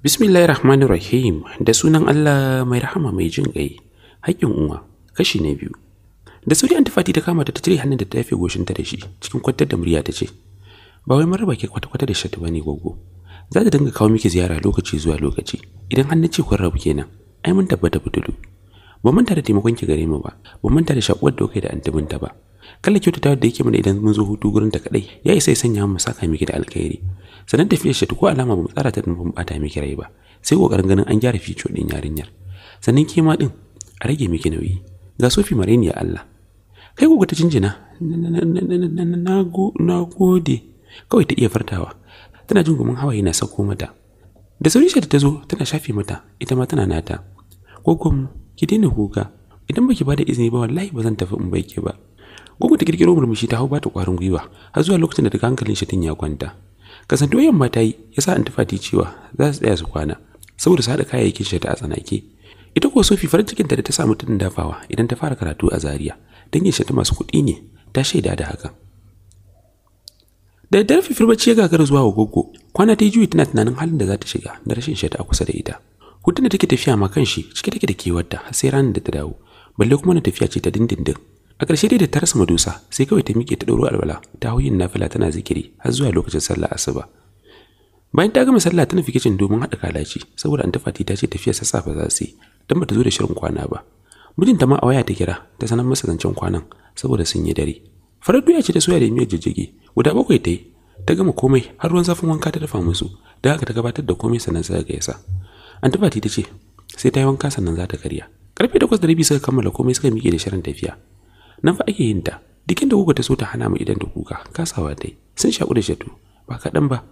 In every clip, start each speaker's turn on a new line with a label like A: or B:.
A: Bismillahirrahmanirrahim da sunan Allah mai rahama mai jin ƙai haƙƙin uwa kashi na biyu da sauri tafati ta kama ta cire hannun da ta yafe goshinta da shi cikin kwantar da murya ta ce ba wai maraba ke kwata-kwata da shatu bane gogo za ta dinga kawo miki ziyara lokaci zuwa lokaci idan hannun ce kun rabu kenan ai mun tabbata butulu ba manta da taimakon ki gare mu ba ba manta da shakuwar da kai da antibinta ba kalla kyautata da yake mana idan mun zo hutu gurin ta kadai ya isa ya sanya mu saka miki da alkhairi sanan tafiyar shi ko alama ba mu tsara ta mun bata miki rai ba sai kokarin ganin an gyara fico din yarinyar sanan kima din a rage miki nauyi ga sofi mareniya Allah kai ko ta jinjina na gode kawai ta iya fartawa tana jin gumin hawaye na sako mata da sauri ta zo tana shafe mata ita ma tana nata ko ki daina kuka idan baki bada izini ba wallahi ba zan tafi in baike ba gugu ta kirkiro murmushi ta hau bata kwarin gwiwa har zuwa lokacin da daga hankalin shi ya kwanta kasanto yamma ta yi ya sa antifati cewa za su tsaya su kwana saboda su haɗa kayayyakin shi ta a tsanake ita kuwa sofi farin cikin ta da ta samu tudun dafawa idan ta fara karatu a zaria dangin yin ta masu kuɗi ne ta shaida da haka da daddare fifir firbaci ya gagara zuwa wa gogo kwana ta yi juyi tana tunanin halin da za ta shiga da rashin shi ta a kusa da ita hutun da take tafiya ma kanshi cike take da kewarta har sai ranar da ta dawo balle kuma na tafiya ce ta dindindin a ƙarshe dai da ta rasa madusa sai kawai ta miƙe ta ɗoro alwala ta hau yin nafila tana zikiri har zuwa lokacin sallah asuba bayan ta gama sallah tana nufi domin haɗa kalaci saboda an tafati ta ce tafiya ba za su yi don ba ta zo da shirin kwana ba mijinta ma a waya ta kira ta sanar masa zancen kwanan saboda sun yi dare farar doya ce ta soya da miyar jijjige guda bakwai ta yi ta gama komai har ruwan zafin wanka ta dafa musu da haka ta gabatar da komai sannan ga yasa Antibati ta ce, sai ta yi wanka sannan za ta karya. Karfe takwas da rabi suka kammala komai suka miƙe da shirin tafiya. Nan fa ake yin ta, dikin da kuka ta so ta hana mu idan da kuka, kasawa dai. Sun shaƙu da shatu, ba kaɗan ba.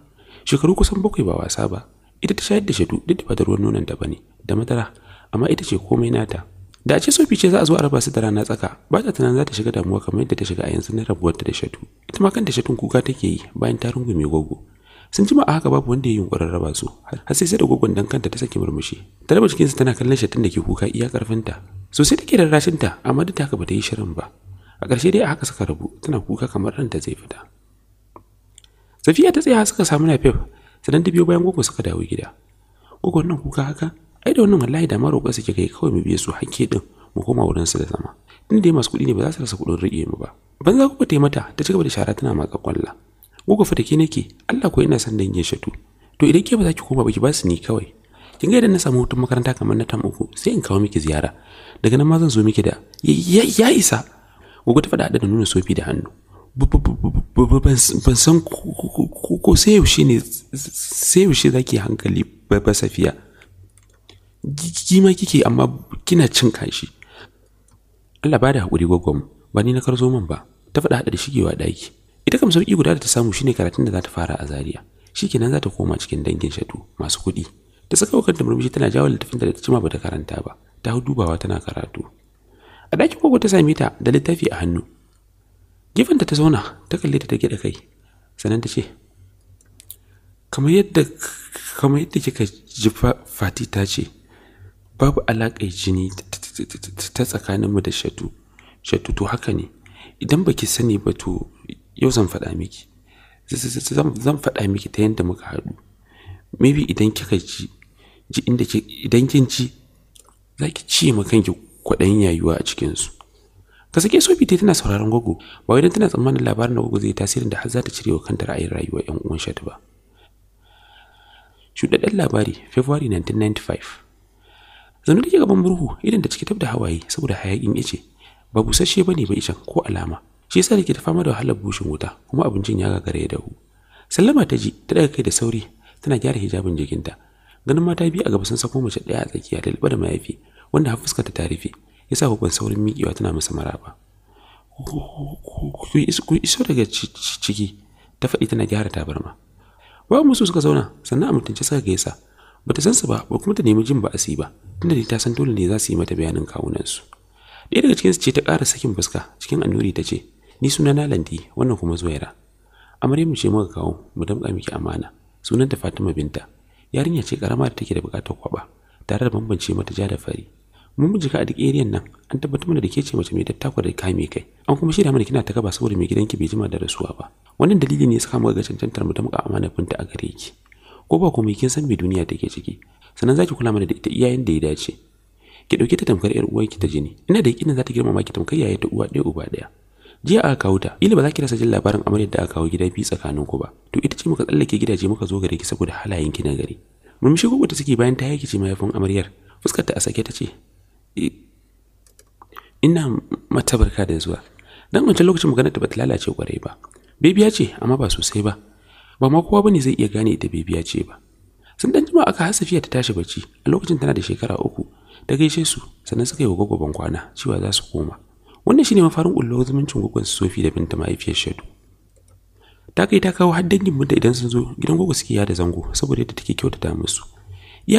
A: Shekaru kusan bakwai ba wasa ba. Ita ta shayar da shatu duk da ba da ruwan nonon ta ne da madara, amma ita ce komai nata. Da a ce Sofi ce za a zo a raba su da rana tsaka, ba ta tunanin za ta shiga damuwa kamar yadda ta shiga a yanzu na rabuwar ta da Shatu. Ita ma kanta Shatun kuka take yi bayan ta rungume gogo. sun jima a haka babu wanda ya yunkurin raba su har sai sai da gogon dan kanta ta saki murmushi ta raba cikinsa tana kallon shatin da ke kuka iya karfinta so sai take da rashinta amma duk haka bata yi shirin ba a ƙarshe dai a haka suka rabu tana kuka kamar ranta zai fita safiya ta tsaya suka samu na fef sannan ta biyo bayan gogon suka dawo gida gogon nan kuka haka ai da wannan wallahi da maro roƙa suke kai kawai mu biye su hakke din mu koma wurin su da zama inda dai masu kuɗi ne ba za su rasa kuɗin rike mu ba banza ku ba ta mata ta cigaba da shara tana matsa kwalla gogo fa na nake Allah ko ina son dangin shatu to idan ke ba za ki koma ba ki ba su ni kawai kin ga idan na samu hutun makaranta kamar na tam uku sai in kawo miki ziyara daga nan ma zan zo miki da ya isa gogo ta faɗa da nuna sofi da hannu ban san ko sai yaushe ne sai yaushe zaki hankali ba safiya kima kike amma kina cin kashi Allah bada da haƙuri ba ni na karzo man ba ta faɗa haɗa da shigewa ɗaki ita kam sauki guda da ta samu shine karatun da za ta fara a Zaria shikenan za ta koma cikin dangin shatu masu kuɗi ta saka wakar da murmushi tana jawo littafin da ta cima ba ta karanta ba ta hau dubawa tana karatu a ɗakin kogo ta same ta da littafi a hannu gefenta ta zauna ta kalle ta ta da kai sannan ta ce kamar yadda kamar yadda kika ji fati ta ce babu alaƙar jini ta tsakaninmu da shatu shatu to haka ne idan baki sani ba to yau zan faɗa miki zan faɗa miki ta yadda muka haɗu maybe idan kika ji ji inda idan kin ci za ki ci ma kanki kwaɗayin yayuwa a cikinsu ka sake bi ta tana sauraron gogo ba wai tana tsammanin labarin na gogo zai tasirin da har za ta cire wa kanta ra'ayin rayuwa yan uwan shatu ba shuɗaɗɗen labari february 1995 zanu da ke gaban murhu idan da cike tab da hawaye saboda hayakin ice ba busasshe bane ba icen ko alama shi yasa da ke fama da wahalar bushin wuta kuma abincin ya gagare da hu sallama ta ji ta daga kai da sauri tana gyara hijabin jikinta ganin mata biyu a gaba sun sako mace ɗaya a tsakiya da liba da mayafi wanda har fuskar ta ya yasa hukun saurin miƙewa tana masa maraba ku iso daga ciki ta faɗi tana gyara tabarma bayan musu suka zauna sannan a mutunci suka gaisa bata san su ba ba kuma ta nemi jin ba asi ba tunda ta san dole ne za su yi mata bayanin kawunansu ɗaya daga cikin su ce ta ƙara sakin fuska cikin annuri ta ce ni suna na landi wannan kuma zuwaira amaryamu ce muka kawo mu damƙa miki amana sunanta fatima binta yarinya ce karama da take da bukatar kwaba tare da bambance mata ja da fari mun miji ka a duk eriyan nan an tabbatar mana da ke ce mace mai dattakwa da kame kai an kuma shirya mana kina ta gaba saboda mai gidanki bai jima da rasuwa ba wannan dalili ne ya saka muka ga cancantar mu damƙa amana binta a gare ki ko ba kuma kin san me duniya take ciki sannan zaki kula mana da ita iyayen da ya dace ki dauke ta tamkar yar uwarki ta jini ina da yakinin za ta girmama ki tamkar yaya ta uwa ɗaya uba ɗaya jiya aka kawo ta ila ba za ki rasa jin labarin amaryar da aka kawo gida biyu tsakanin ku ba to ita ce muka tsallake gidaje muka zo gare ki saboda halayen ki na gari murmushi gugu ta suke bayan ta yake ce mahaifin amaryar fuskar ta a sake ta ce eh, ina mata barka da zuwa dan wancan lokacin maganar ta bata lalace kwarai ba bibiya ce amma ba sosai ba ba ma kowa bane zai iya gane ita bebiya ce ba sun dan jima aka har safiya ta tashi bacci a lokacin tana da shekara uku ta gaishe su sannan suka yi wa gwagwaban kwana cewa za su koma wannan shine mafarin ullo zumuncin gogon sofi da binta mahaifiyar shadu. ta kai ta kawo har dangin binta idan sun zo gidan gogo suke yada zango saboda yadda take kyautata musu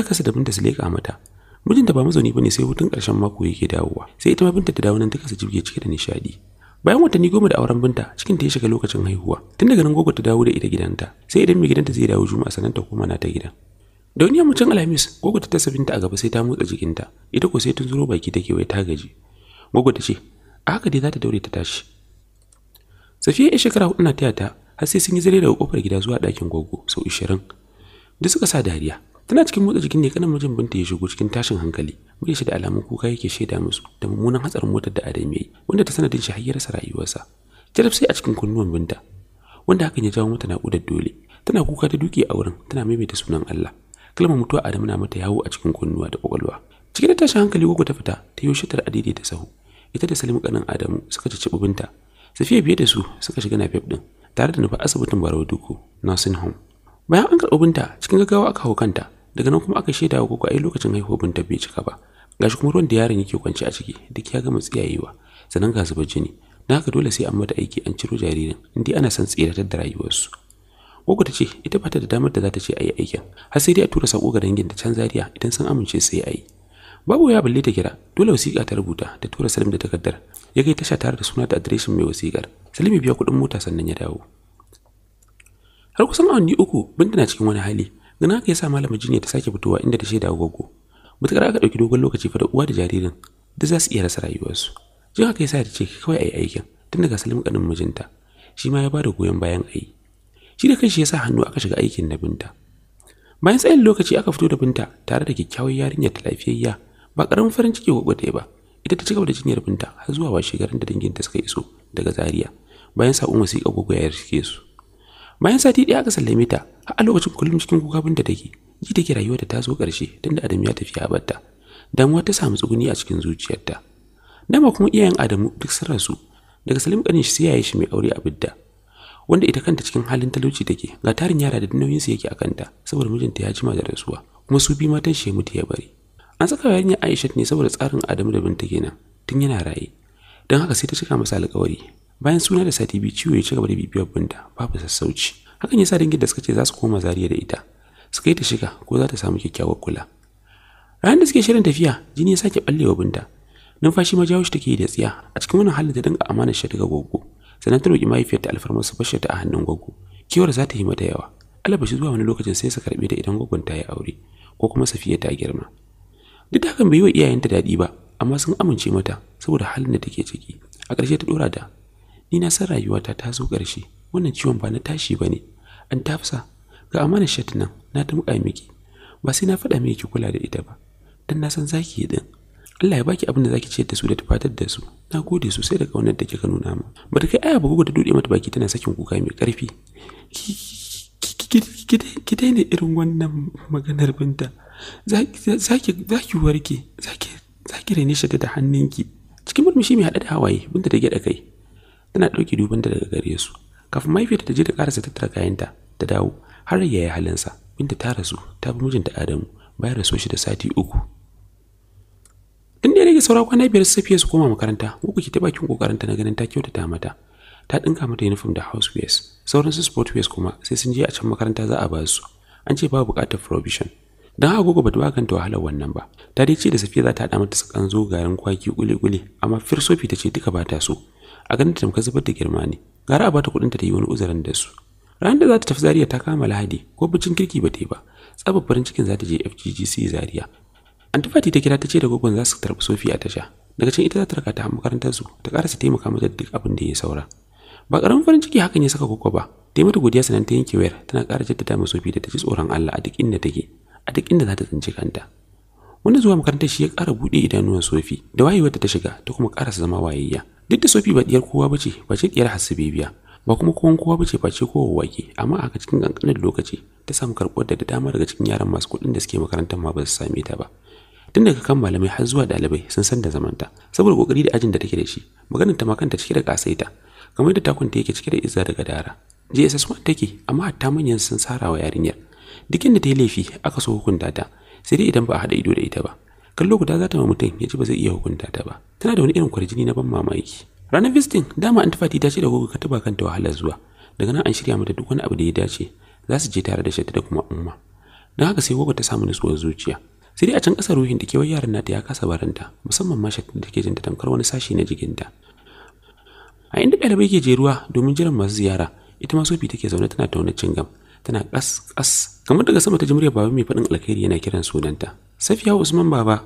A: kasa da binta su leka mata mijinta ba mazauni bane sai hutun karshen mako yake dawowa sai ita ma binta ta dawo nan duka su jibge cike da nishadi bayan watanni goma da auren binta cikin ta ya shiga lokacin haihuwa tun daga nan gogo ta dawo da ita gidanta sai idan mai gidanta zai dawo juma'a sanan ta koma na ta gidan da wani yammacin alhamis gogo ta tasa binta a gaba sai ta motsa jikinta ita ko sai tun zuro baki take wai ta gaji gogo ta ce a haka dai za ta daure ta tashi safiya ya shekara hudu na taya ta har sai sun yi zare daga kofar gida zuwa ɗakin gwaggo sau ishirin duk suka sa dariya tana cikin motsa jikin ne kanan mijin binta ya shigo cikin tashin hankali muke shi da alamun kuka yake shaida musu da mummunan hatsarin motar da adam ya yi wanda ta sanadin shi har ya rasa rayuwarsa jarab sai a cikin kunnuwan binta wanda hakan ya jawo mata naƙudar dole tana kuka ta duke a wurin tana maimaita sunan Allah kalmar mutuwa Adamu na mata yawo a cikin kunnuwa da kwakwalwa cikin tashin hankali gogo ta fita ta yi shatar ta sahu ita da Salimu kanin Adamu suka ci binta. Safiya biye da su suka shiga na fef din tare da nufa asibitin Barau Duku, Nursing Home. Bayan an karɓi binta cikin gaggawa aka hau kanta, daga nan kuma aka shaida wa Gogo ai lokacin haihuwar binta bai cika ba. Gashi kuma ruwan da yaron yake kwance a ciki duk ya gama tsiyayewa, sannan ga zubar jini. Na haka dole sai an mata aiki an ciro jaririn, indai ana son tsiratar da rayuwarsu. Gogo ta ce ita ba ta da damar da za ta ce a yi aikin, har sai dai a tura sako ga dangin da can zariya idan sun amince sai a yi. babu ya balle ta kira dole wasiƙa ta rubuta ta tura salim da takardar ya kai tasha tare da suna da adireshin mai wasiƙar salim ya biya kuɗin mota sannan ya dawo har kusan awanni uku binta na cikin wani hali ganin haka ya sa malama jiniya ta sake fitowa inda ta shaida agogo mutukar aka ɗauki dogon lokaci fa da uwa da jaririn da za su iya rasa rayuwarsu jin haka ya sa ta ce kawai a yi aikin tun daga salim ƙanin mijinta shi ma ya ba da goyon bayan a yi shi da kanshi ya sa hannu aka shiga aikin na binta bayan tsayin lokaci aka fito da binta tare da kyakkyawar yarinya ta lafiyayya ba karamin farin ciki kwakwata ba ita ta cigaba da jinyar binta har zuwa washe garin da danginta suka iso daga Zariya, bayan sa'un wasiƙa gogo ya rike su bayan sati ɗaya aka sallame ta har a lokacin kullum cikin kuka binta take ji take rayuwa ta zo ƙarshe tunda Adamu ya tafi ya damuwa ta samu tsuguni a cikin zuciyarta dama kuma iyayen Adamu duk sun rasu daga Salim ƙarin shi sai yayi shi mai aure a Bidda wanda ita kanta cikin halin talauci take ga tarin yara da nauyin su yake a kanta saboda mijinta ya jima da rasuwa kuma su bi matan shi mutu ya bari an saka ya Aisha ne saboda tsarin Adamu da Binta kenan tun yana raye don haka sai ta cika masa alƙawari bayan suna da sati biyu ciwo ya ci gaba da bibiyar Binta babu sassauci hakan ya sa dangin da suka ce za su koma zariya da ita suka yi ta shiga ko za ta samu kyakkyawar kula ranar da suke shirin tafiya jini ya sake ballewa Binta numfashi ma jawo shi take da tsiya a cikin wannan halin ta dinga amana shi daga gogo sannan ta roki mahaifiyarta alfarmar su fashe ta a hannun gogo kiwar za ta yi mata yawa alabashi zuwa wani lokacin sai su karbe ta idan gogon ta yi aure ko kuma safiya ta girma duk da hakan bai yi wa iyayenta daɗi ba amma sun amince mata saboda halin da take ciki a ƙarshe ta ɗora da ni na san rayuwata ta zo ƙarshe wannan ciwon ba na tashi ba ne an tafsa ga amana shat nan na ta muƙa miki ba sai na faɗa miki kula da ita ba dan na san zaki yi din Allah ya baki abin da zaki ciyar da su da tufatar da su na gode sosai da wannan da kika nuna min ba ta kai aya ba gugu ta dude mata baki tana sakin kuka mai ƙarfi ki daina irin wannan maganar binta za ki warke za ki rene shi da hannunki cikin murmushi mai haɗe da hawaye binta ta gyaɗa kai tana ɗauke dubanta daga gare su kafin mahaifiyarta ta je ta ƙarasa tattara kayanta ta dawo har ya yi halinsa binta ta rasu ta bi mijinta adamu bayan rasu shi da sati uku tun da ya rage saura kwana biyar su safiya su koma makaranta ko ki ta bakin kokarinta na ganin ta kyautata mata ta dinka mata uniform da housewares sauran su sportwares kuma sai sun je a can makaranta za a ba su an ce babu buƙatar provision don haka gogo bata bakanta wahalar wannan ba ta dai ce da safiya za ta hada mata sakan zo garin kwaki kuli-kuli amma firsofi ta ce duka ba ta so a ganin tamka zubar da girma ne gara a bata kuɗinta ta yi wani uzurin da su ranar da za ta tafi zariya ta kama lahadi ko bucin kirki ba ta yi ba tsabar farin cikin za ta je fggc zariya. antifati ta kira ta ce da gogon za su tarbi sofi a tasha daga can ita za ta raka ta makarantar su ta karasa taimaka mata duk abin da ya saura ba ƙaramin farin ciki hakan ya saka koko ba ta mata godiya sanan ta yanke wayar tana ƙara jaddada ma sofi da ta ji tsoron Allah a duk inda take a duk inda za ta tsinci kanta wanda zuwa makarantar shi ya ƙara buɗe idanuwan sofi da wayewar ta shiga ta kuma ƙarasa zama wayayya duk da sofi ba diyar kowa bace bace diyar hasibibiya ba kuma kowan kowa bace face kowa wake amma a cikin kankanin lokaci ta samu karɓuwar da dama daga cikin yaran masu kuɗin da suke makarantar ma ba su same ta ba tun daga kan malamai har zuwa dalibai sun san da zamanta saboda kokari da ajin da take da shi maganar ta ma kanta cike da kasaita kamar da takunta yake cike da izza da gadara jss1 take amma hatta manyan sun sara wa yarinyar duk da ta yi laifi aka so hukunta ta sai dai idan ba a haɗa ido da ita ba kallo guda za ta ma mutum ya ci ba zai iya hukunta ta ba tana da wani irin kwarjini na ban mamaki ranar visiting dama antifati ta ce da gogo ka taba kanta wahalar zuwa daga nan an shirya mata duk wani abu da ya dace za su je tare da shatta da kuma umma don haka sai gogo ta samu nutsuwar zuciya sai dai a can ƙasar ruhin da kewar yaran nata ya kasa baranta musamman ma shatta da take jin ta tamkar wani sashi na jikinta a inda ɗalibai ke ruwa domin jiran masu ziyara ita ma sofi take zaune tana tauna cingam tana ƙas ƙas kamar daga sama ta ji baba mai faɗin alkhairi yana kiran sunanta safiya usman baba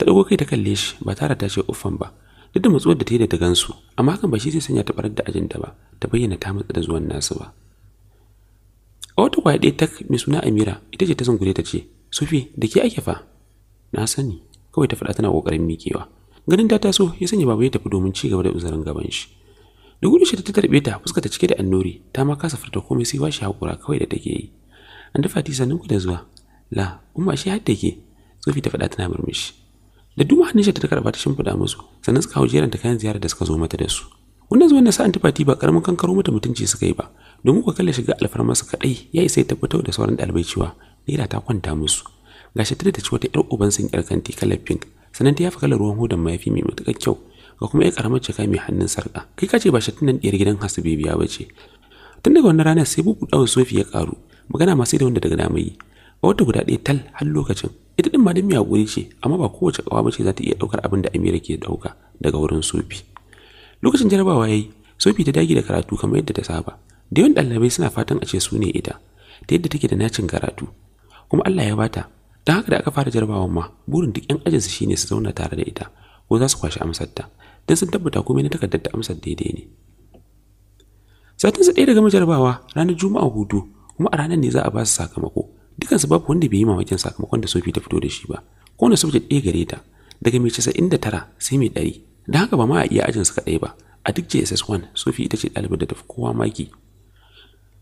A: ta ɗago kai ta kalle shi ba tare ta ce uffan ba duk da matsuwar da ta yi da ta gansu amma hakan ba shi zai sanya ta barar da ajinta ba ta bayyana ta matsa da zuwan nasu ba a wata kwaya ɗaya tak mai suna amira ita ce ta zungure ta ce sufi da ke ake fa na sani kawai ta faɗa tana ƙoƙarin miƙewa ganin ta taso ya sanya baba ya tafi domin ci gaba da uzurin gaban shi da gudu shi ta tarbe ta fuskar ta cike da annori ta ma kasa furta komai sai washi hakura kawai da take yi an dafa ti sanin ku da zuwa la umma shi har take sofi ta faɗa tana murmushi da duma hannun shi ta karba ta shimfiɗa musu sannan suka hau jeran ta kayan ziyara da suka zo mata da su wannan zuwan na sa'an tufati ba karamin kankaro mata mutunci suka yi ba domin ku kalla shiga alfarmarsa kaɗai ya isa ta tabbatar da sauran ɗalibai cewa naira ta kwanta musu gashi ta da ta ci wata 'yar uban sun 'yar kanti kalar pink sannan ta yafa kalar ruwan hudan mayafi mai matuƙar kyau ka kuma ya karamar cika mai hannun sarka kai ka ce ba shi tunan diyar gidan hasu bibiya ba ce tun daga wannan rana sai bugu dawo sofi ya karu magana masu da wanda daga dama yi a wata guda ɗaya tal har lokacin ita ɗin ma mai hakuri ce amma ba kowace kawa ce za ta iya ɗaukar abin da Amira ke ɗauka daga wurin sofi lokacin jarabawa ya yi sofi ta dage da karatu kamar yadda ta saba da yawan ɗalibai suna fatan a ce su ne ita ta yadda take da nacin karatu kuma Allah ya bata don haka da aka fara jarabawan ma burin duk 'yan ajinsu shine su zauna tare da ita ko za su kwashi amsarta don sun tabbata komai na takardar ta amsar daidai ne satinsa ɗaya daga majarabawa ranar juma'a hutu kuma a ranar ne za a ba su sakamako dukansu babu wanda bai yi mamakin sakamakon da sofi ta fito da shi ba kowane subject ɗaya gare ta daga mai casa'in da tara sai mai ɗari da haka ba ma a iya ajin su kaɗai ba a duk jss1 sofi ita ce ɗalibar da tafi kowa maki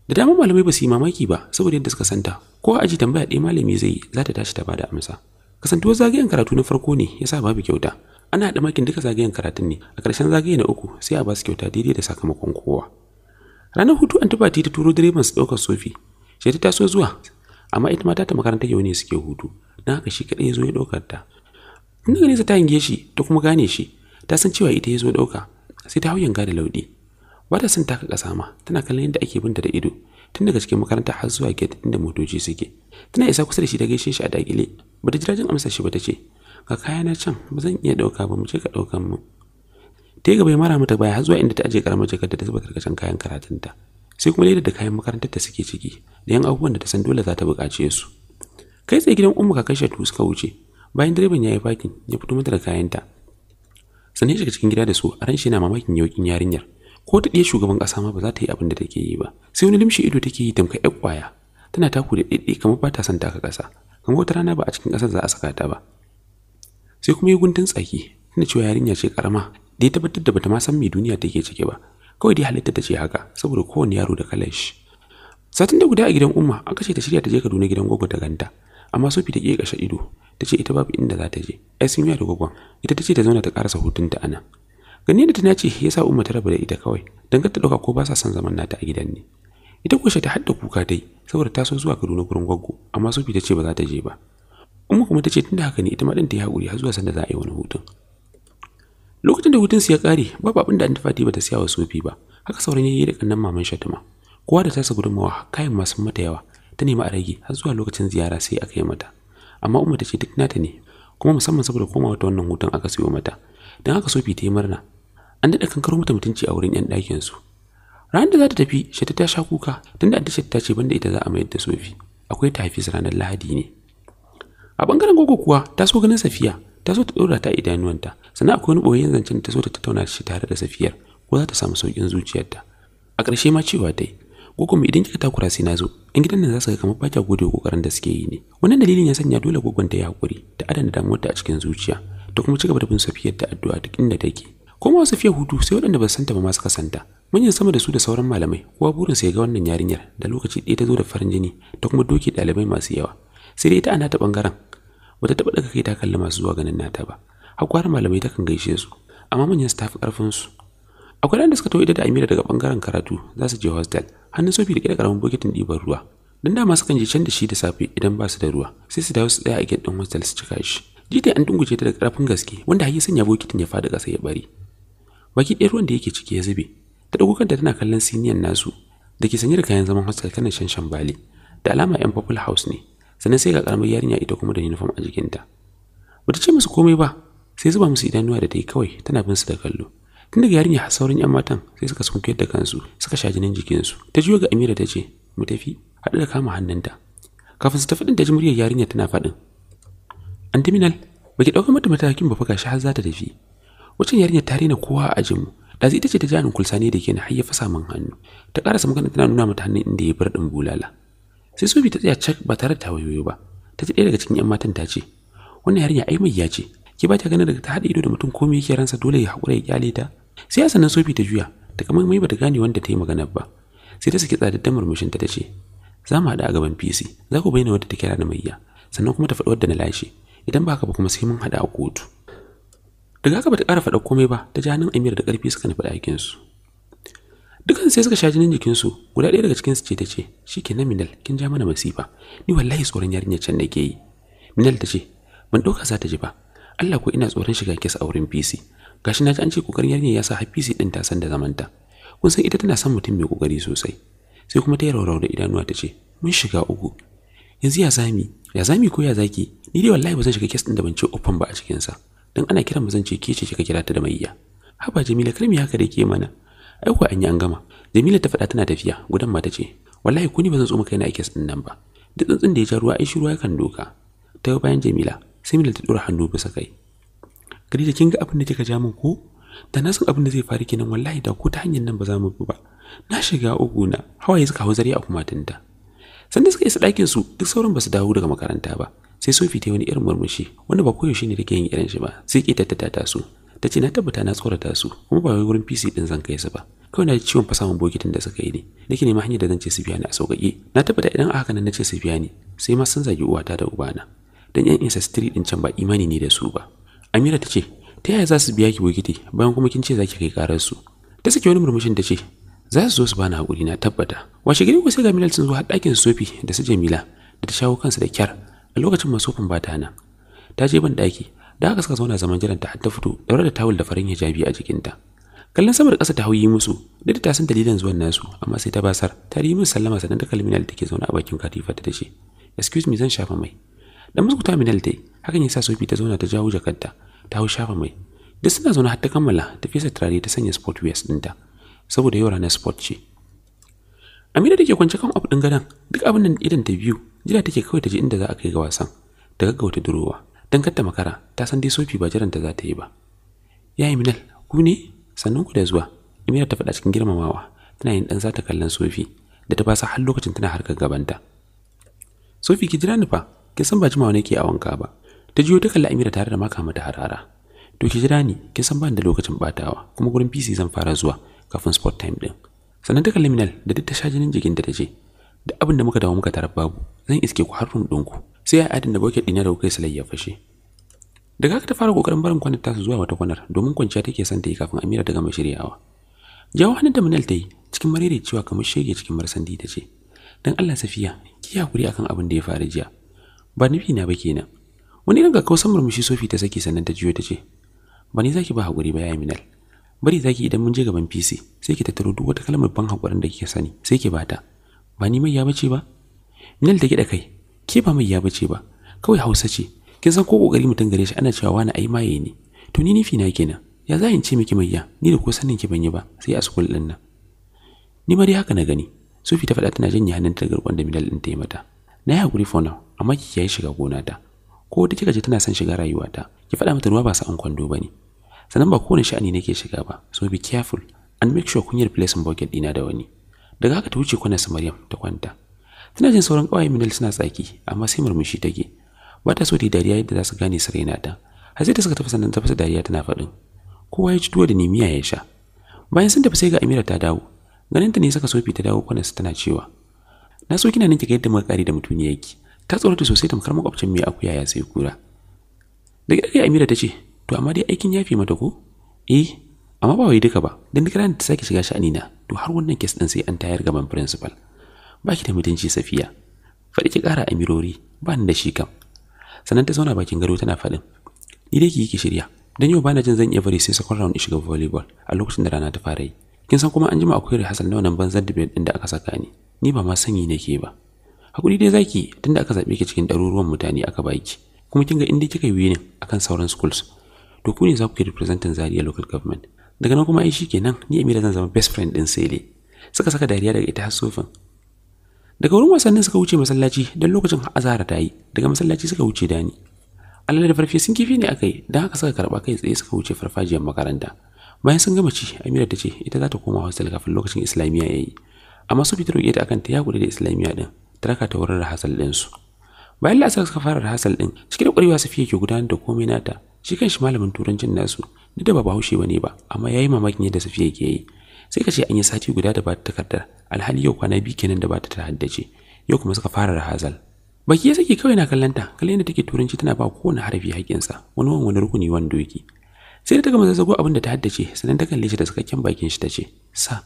A: da daman malamai ba su yi mamaki ba saboda yadda suka santa ko aji tambaya ɗaya malami zai yi za ta tashi ta bada amsa kasantuwar zagayen karatu na farko ne ya sa babu kyauta ana haɗa makin duka zagayen karatun ne a ƙarshen zagaye na uku sai a ba su kyauta daidai da sakamakon kowa ranar hutu an antibati ta turo direban su ɗaukar sofi sai ta taso zuwa amma ita mata ta makaranta yau ne suke hutu na haka shi kaɗai ya zo ya ɗaukar ta inda nesa ta hange shi ta kuma gane shi ta san cewa ita ya zo ɗauka sai ta hau yanga da lauɗi ba ta son taka ƙasa ma tana kallon yadda ake binta da ido tun daga cikin makaranta har zuwa gate inda motoci suke tana isa kusa da shi ta gaishe shi a dakile bata jira jin amsar shi ba ta ce ga kaya na can ba zan iya dauka ba mu je ka dauka mu ta gaba ya mara mata baya har zuwa inda ta aje karamar jakar da ta zuba karkashin kayan karatunta sai kuma leda da kayan makarantar ta suke ciki da yan abubuwan da ta san dole za ta buƙace su kai tsaye gidan umma kakar shatu suka wuce bayan direban ya yi fakin ya fito mata da kayanta sannan shiga cikin gida da su a ran shi yana mamakin yaukin yarinyar ko ta ɗiya shugaban ƙasa ma ba za ta yi abin da take yi ba sai wani limshi ido take yi tamka ƴar ƙwaya tana taku da ɗiɗɗi kamar ba ta son taka ƙasa kamar wata rana ba a cikin ƙasar za a saka ta ba sai kuma yi guntun tsaki tana cewa yarinya ce ƙarama da ya tabbatar da bata ma san me duniya take cike ba kawai dai halitta ta ce haka saboda kowane yaro da kalar shi satin da guda a gidan umma aka ce ta shirya ta je kaduna gidan gwagwa ta ganta amma sofi ta ke kashe ido ta ce ita babu inda za ta je ai sun da gwaggon ita ta ce ta zauna ta ƙarasa hutunta a nan gani da ta ce ya sa umma ta raba da ita kawai don ta ɗauka ko ba sa son zaman nata a gidan ne ita ko ta hadda kuka dai saboda ta so zuwa Kaduna gurin gwaggo amma Sufi ta ce ba za ta je ba Umma kuma ta ce da haka ne ita ma din ta yi hakuri har zuwa sanda za a yi wani hutun Lokacin da hutun su ya kare babu abin da Anta Fati ta siya wa Sufi ba haka sauran yayi da kannan maman Shatima kowa da tasa gudunmawa kayan masu mata yawa ta nemi a rage har zuwa lokacin ziyara sai aka yi mata amma Umma ta ce duk nata ne kuma musamman saboda komawa ta wannan hutun aka siyo mata don haka Sufi ta yi murna an daɗa kankaro mata mutunci a wurin 'yan ɗakinsu ranar da za ta tafi shata ta sha kuka tunda an tashi ta ce banda ita za a mayar da sofi akwai ta haifi ranar lahadi ne a bangaren gogo kuwa ta so ganin safiya ta so ta ɗora ta idanuwanta sannan akwai wani ɓoyayyen zancen da ta so ta tattauna shi tare da safiyar ko za ta samu sauƙin zuciyarta a ƙarshe ma cewa yi gogo mai idan kika takura sai na zo in gidan nan za su ga kamar bata gode wa ƙoƙarin da suke yi ne wannan dalilin ya sanya dole gogon ta yi haƙuri ta adana damuwarta a cikin zuciya ta kuma ci gaba da bin safiyar ta addu'a duk inda take kuma wasu fiye hutu sai waɗanda ba santa ba masu kasanta manyan sama da su da sauran malamai kowa burin ya ga wannan yarinyar da lokaci ɗaya ta zo da farin jini ta kuma doke ɗalibai masu yawa sai dai ta anata ɓangaren bata taɓa daga kai ta kalli masu zuwa ganin nata ba hakwar malamai takan gaishe su amma manyan su tafi ƙarfin su akwai da suka tawo ita da Amira daga ɓangaren karatu za su je hostel hannun sofi da ƙira ƙaramin bokitin ɗiban ruwa dan masu sukan je can da shi da safe idan ba su da ruwa sai su dawo su tsaya a gate din hostel su cika shi jita an dunguje ta da karfin gaske wanda har sanya bokitin ya fada kasa ya bari baki ɗaya ruwan da yake ciki ya zube ta ɗauko kanta tana kallon siniyan nasu da ke sanye da kayan zaman hostel tana shan shambali da alama yan purple house ne sannan sai ga karamar yarinya ita kuma da uniform a jikinta bata ce musu komai ba sai zuba musu idanuwa da ta yi kawai tana bin su da kallo tun daga yarinya har sauran yan matan sai suka sunkuyar da kansu suka sha jinin jikinsu ta juyo ga amira ta ce mu tafi haɗu da kama hannunta kafin su tafi ɗin ta ji muryar yarinya tana faɗin antiminal ba ki ɗaukar mata matakin ba fa gashi har za ta tafi wacin yarinyar ta rena kowa a ajinmu da zai ita ce ta ja kulsa ne da ke na har ya fasa min hannu ta karasa magana tana nuna mata hannun inda ya bar din bulala sai sobi ta tsaya cak ba tare da wayoyi ba ta ji ɗaya daga cikin yan matan ta ce wannan yarinya ai mai ce ki ba ta ganin daga ta haɗa ido da mutum komai yake ransa dole ya haƙura ya kyale ta sai sannan sobi ta juya ta kamar mai bata gane wanda ta yi magana ba sai ta saki tsadaddan murmushinta ta ce za mu haɗu a gaban PC za ku bayyana wadda ta kira na mayya sannan kuma ta faɗi wadda na lashe idan ba haka ba kuma sai mun hada a kotu daga haka bata ƙara faɗa komai ba ta ji hannun Amir da ƙarfi suka nufi aikin su dukan sai suka sha jinin jikin su guda ɗaya daga cikin su ce ta ce na Minal kin ja mana masifa ni wallahi tsoron yarinya can ke yi Minal ta ce ban ɗauka za ta ji ba Allah ko ina tsoron shiga kisa a wurin PC gashi na ji an ce kokarin yarinya ya sa har PC ɗin ta san da zamanta kun san ita tana son mutum mai kokari sosai sai kuma ta yi raurau da idanuwa ta ce mun shiga uku yanzu ya zami ya zami ko ya zaki ni dai wallahi ba zan shiga kes din da ban ce open ba a cikin sa dan ana kiran mu zance ke ce kika kira ta da mayya haba jamila kar me haka da ke mana ai ko an yi an gama jamila ta faɗa tana tafiya gudan mata ce wallahi ku ni ba zan tsoma kaina a kes nan ba duk tsuntsun da ya ja ruwa ai shiruwa kan doka ta bayan jamila sai mila ta dora hannu bisa kai kadija kin ga abin da kika ja min ko da na san abin da zai faru kenan wallahi da ko ta hanyar nan ba za mu bi ba na shiga ugu na hawaye suka hau zari a kumatinta sanda suka isa ɗakin su duk sauran ba su dawo daga makaranta ba sai sofi ta wani irin murmushi wanda ba koyaushe ne take yin irin shi ba sai ke tattata ta su ta ce na tabbata na tsorata su kuma ba wai wurin PC din zan kai su ba kawai na ji ciwon fasawan bokitin da suka yi ne nake neman hanyar da zan ce su biya ni a sauƙaƙe na tabbata idan aka nan na ce su biya ni sai ma sun zagi uwata da ubana dan yan sitiri din can ba imani ne da su ba Amira ta ce ta yaya za su biya ki bokiti bayan kuma kin ce za ki kai karar su ta saki wani murmushin ta ce za su zo su bani hakuri na tabbata washe gari ko sai ga Milal sun zo har ɗakin Sofi da su Jamila da ta shawo kansu da kyar lokacin masofin ba ta nan ta je ban daki da aka suka zauna zaman jiranta har ta fito daure da tawul da farin hijabi a jikinta kallon sama da ƙasa ta hauyi musu duk da ta san dalilin zuwan nasu amma sai ta basar ta yi musu sallama sannan ta kalli minal da take zauna a bakin katifa ta tace excuse me zan shafa mai dan ta minal dai hakan yasa sofi ta zauna ta jawo jakarta ta hau shafa mai duk suna zauna har ta kammala ta fesa turare ta sanya sport wears ɗinta saboda yau ranar sport ce Amina da ke kwance kan of ɗin gadon duk abin nan idan ta biyu jira take kawai ta je inda za a kai ga wasan ta gaggauta durowa don kar ta makara ta san dai sofi ba jiranta za ta yi ba yayi minal ku ne sannan ku da zuwa Amira ta faɗa cikin girmamawa tana yin dan zata kallon Sofi da ta fasa har lokacin tana harkar gabanta Sofi ki jira ni fa ki san ba jimawa ke a wanka ba ta jiyo ta kalli Amira tare da maka mata harara to ki jira ni ki san ba da lokacin batawa kuma gurin PC zan fara zuwa kafin sport time din sannan ta kalli Minal da duk ta sha jinin jikin da ta je duk abin da muka dawo muka tarar babu zan iske ku har ku sai ya adin da bokit dina da kuka salai ya fashe daga haka ta fara kokarin barin kwanar ta zuwa wata kwanar domin kwanciya take son ta yi kafin Amira ta gama shiryawa jawo hannun da Manal ta yi cikin marere cewa kamar shege cikin marsandi ta ce dan Allah Safiya ki hakuri akan abin da ya faru jiya ba nufi na ba kenan wani irin kakkausan murmushi Sofi ta saki sannan ta jiyo ta ce ba ni zaki ba hakuri ba ya Minal bari zaki idan mun je gaban PC sai ki tattaro duk wata kalmar ban hakurin da kike sani sai ki bata ba ni mai ya bace ba minal ta gida kai ke ba mai ya bace ba kawai hausa ce kin san ko kokari mutum gare shi ana cewa wani ai maye ne to ni nufi na kenan ya za in ce miki mai ya ni da ko sanin ki ban yi ba sai a school din nan ni ma dai haka na gani sufi ta faɗa tana janye hannun ta garkon da minal din ta yi mata na yi hakuri for now amma ki kiyaye shiga gona ta ko wata kika je tana son shiga rayuwata ki fada mata ruwa ba sa an kwando ba ne sannan ba kowane sha'ani nake shiga ba so be careful and make sure kun yi replacement bucket ɗina da wani daga haka ta wuce su maryam ta kwanta tana jin sauran ƙawayen minal suna tsaki amma sai murmushi take ba ta so ta dariya yadda za su gane saraina ta har sai ta suka tafi nan tafasa dariya tana faɗin kowa ya ci tuwo da nemiya ya sha bayan sun tafi sai ga amira ta dawo ganin ta ne saka sofi ta dawo su tana cewa na so kina nan kika yadda muka da mutuni yake ta tsorata sosai tamkar makwabcin mai akuya ya sai kura daga dare amira ta ce to amma dai aikin yafi mata ko eh amma ba wai duka ba don duk ranar ta sake shiga sha'ani na to har wannan kes din sai an tayar gaban principal ki da mutunci safiya faɗi ki ƙara amirori ba ni da shi kam sannan ta zauna bakin gado tana faɗin ni dai ki yi ki shirya don yau ba na jin zan iya bari sai sakon round in shiga volleyball a lokacin da rana ta fara yi kin san kuma an jima akwai rehearsal na wannan banzar debate ɗin da aka saka ni ni ba ma sanyi nake ba hakuri dai zaki da aka zaɓe ki cikin ɗaruruwan mutane aka ba ki. kuma kin ga inda kika yi ne akan sauran schools to ne za ku yi representing Zaria local government daga nan kuma ai kenan ni Amira zan zama best friend din Sele suka saka dariya daga ita har sofin daga wurin wasannin suka wuce masallaci dan lokacin azara ta yi daga masallaci suka wuce dani Allah da farfe sun kifi ne akai dan haka suka karba kai tsaye suka wuce farfajiyar makaranta bayan sun gama ci Amira ta ce ita za ta koma hostel kafin lokacin islamiyya yayi amma su fitar ta akan ta ya da islamiyya din ta raka ta wurin rahasal din su bayan la'asar suka fara rahasal din cikin da kwarewa safiya ke gudanar da komai nata shi kan shi malamin turancin nasu duk da ba bahaushe bane ba amma yayi mamakin yadda safiya ke yi sai ka ce an yi sati guda da ba ta takardar alhali yau kwana biyu kenan da ba ta haddace yau kuma suka fara rahazal baki ya saki kawai na kallanta kallon yadda take turanci tana ba kowane harafi sa wani wani rukuni wani doki sai da ta gama zazzago abin da ta haddace sannan ta kalle shi da sakakken bakin shi ta ce sa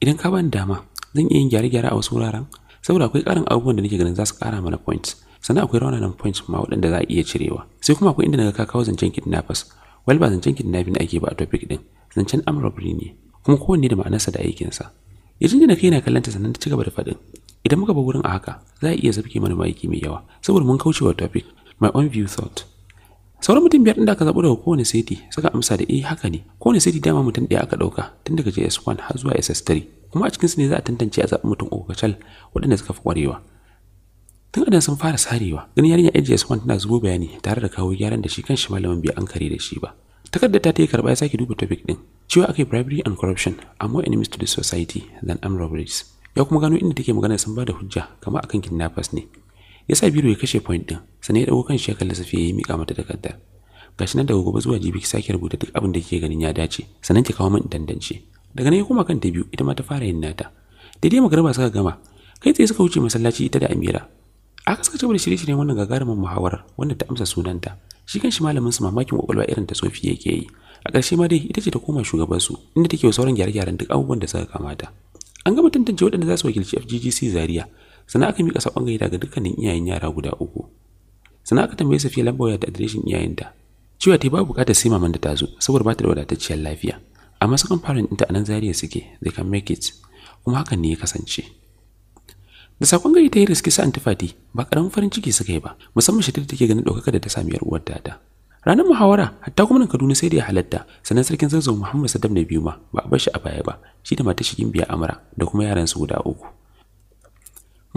A: idan ka ni dama zan iya yin gyare-gyare a wasu wuraren saboda akwai ƙarin abubuwan da nake ganin za su kara mana points sannan akwai raunanan points ma waɗanda za a iya cirewa sai kuma akwai inda naga ka kawo zancen kidnappers wal ba zancen kidnapping ake ba a topic din zancen amrabri ne kuma kowanne da ma'anarsa da aikinsa ya jinjina kai na kallanta sannan ta cigaba da faɗin idan muka bar wurin a haka za a iya zabke mana aiki mai yawa saboda mun kauce wa topic my own view thought sauran mutum biyar din da aka zaɓo daga kowane seti suka amsa da eh haka ne kowane seti dama mutum ɗaya aka ɗauka tun daga js1 har zuwa ss3 kuma a cikinsu ne za a tantance a zaɓi mutum uku kacal waɗanda suka fi ƙwarewa tun sun fara sarewa ganin yarinya ajiye Usman tana zubo bayani tare da kawo gyaran da shi kan shi malamin bai kare da shi ba takardar ta ta yi karɓa ya sake duba topic din cewa akai bribery and corruption are more enemies to the society than armed robberies ya kuma gano inda take magana sun bada hujja kama akan kidnappers ne ya sa biro ya kashe point din sannan ya dago kan shi ya kalli safiya ya mika mata takardar gashi nan daga gobe zuwa jibi ki sake rubuta duk abin da kike ganin ya dace sannan ki kawo min dandance. daga nan ya koma kan ta biyu ita ma ta fara yin nata daidai magarba suka gama kai tsaye suka wuce masallaci ita da amira aka suka cewa da shirye-shiryen wannan gagarumin muhawarar wanda ta amsa sunanta shi kanshi malamin su mamakin kwakwalwa irin ta tsofi yake yi a ƙarshe ma dai ita ce ta koma shugaban su inda take sauran gyare-gyaren duk abubuwan da suka kamata an gama tantance waɗanda za su wakilci FGGC Zaria sannan aka miƙa sakon gaida ga dukkanin iyayen yara guda uku sannan aka tambaye Safiya lambar da adireshin iyayenta cewa ta ba bukatar sai maman da ta zo saboda ba ta da wadatacciyar lafiya amma sakan farin ɗinta a nan Zaria suke they can make it kuma hakan ne ya kasance da sakon gari ta yi riski sa antifati ba karamin farin ciki suka yi ba musamman shi take ganin ɗaukaka da ta sami yar uwar ta ranar muhawara hatta kuma nan Kaduna sai da ya halatta sannan sarkin zanzo Muhammad Saddam na biyu ma ba a bashi a baya ba shi da matar shigin biya amara da kuma yaran su guda uku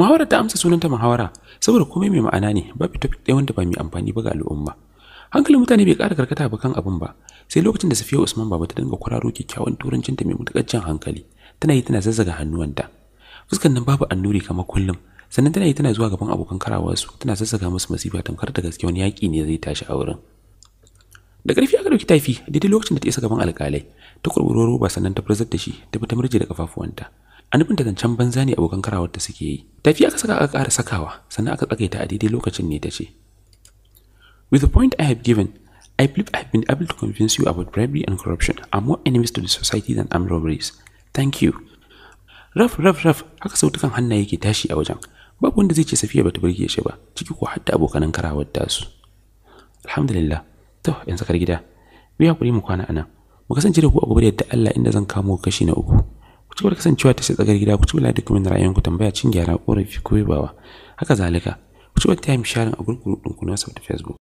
A: muhawara ta amsa sunanta muhawara saboda komai mai ma'ana ne ba fita ɗaya wanda ba mai amfani ba ga al'umma hankalin mutane bai kara karkata ba kan abin ba sai lokacin da Safiya Usman baba ta dinga kwararo kyakkyawan turancinta mai mutukar jan hankali tana yi tana zazzaga hannuwanta fuskan nan babu annuri kamar kullum sannan tana yi tana zuwa gaban abokan karawarsu tana sassaka musu masifa tamkar da gaske wani yaƙi ne zai tashi a wurin da ƙarfi aka ɗauki tafi daidai lokacin da ta isa gaban alƙalai ta kurɓuro roba sannan ta furzar da shi ta fita ta murje da kafafuwanta a nufin da zancen banza ne abokan karawar ta suke yi tafi aka saka aka ƙara sakawa sannan aka tsakaita a daidai lokacin ne ta ce with the point I have given I believe I have been able to convince you about bribery and corruption are more enemies to the society than armed robberies. Thank you. raf raf raf haka sautukan hannaye ke tashi a wajen babu wanda zai ce safiya bata burge shi ba ciki ko hatta abokanan karawar su alhamdulillah to yan sakar gida mu hakuri mu kwana nan. mu kasance da ku a gobe da yadda Allah inda zan kamo kashi na uku ku ci kasancewa ta tsakar gida ku ci bala da kuma ra'ayin ku tambaya cin gyara ƙorafi ko yabawa haka zalika ku ci wata time sharing a gurgurun ɗinku na Facebook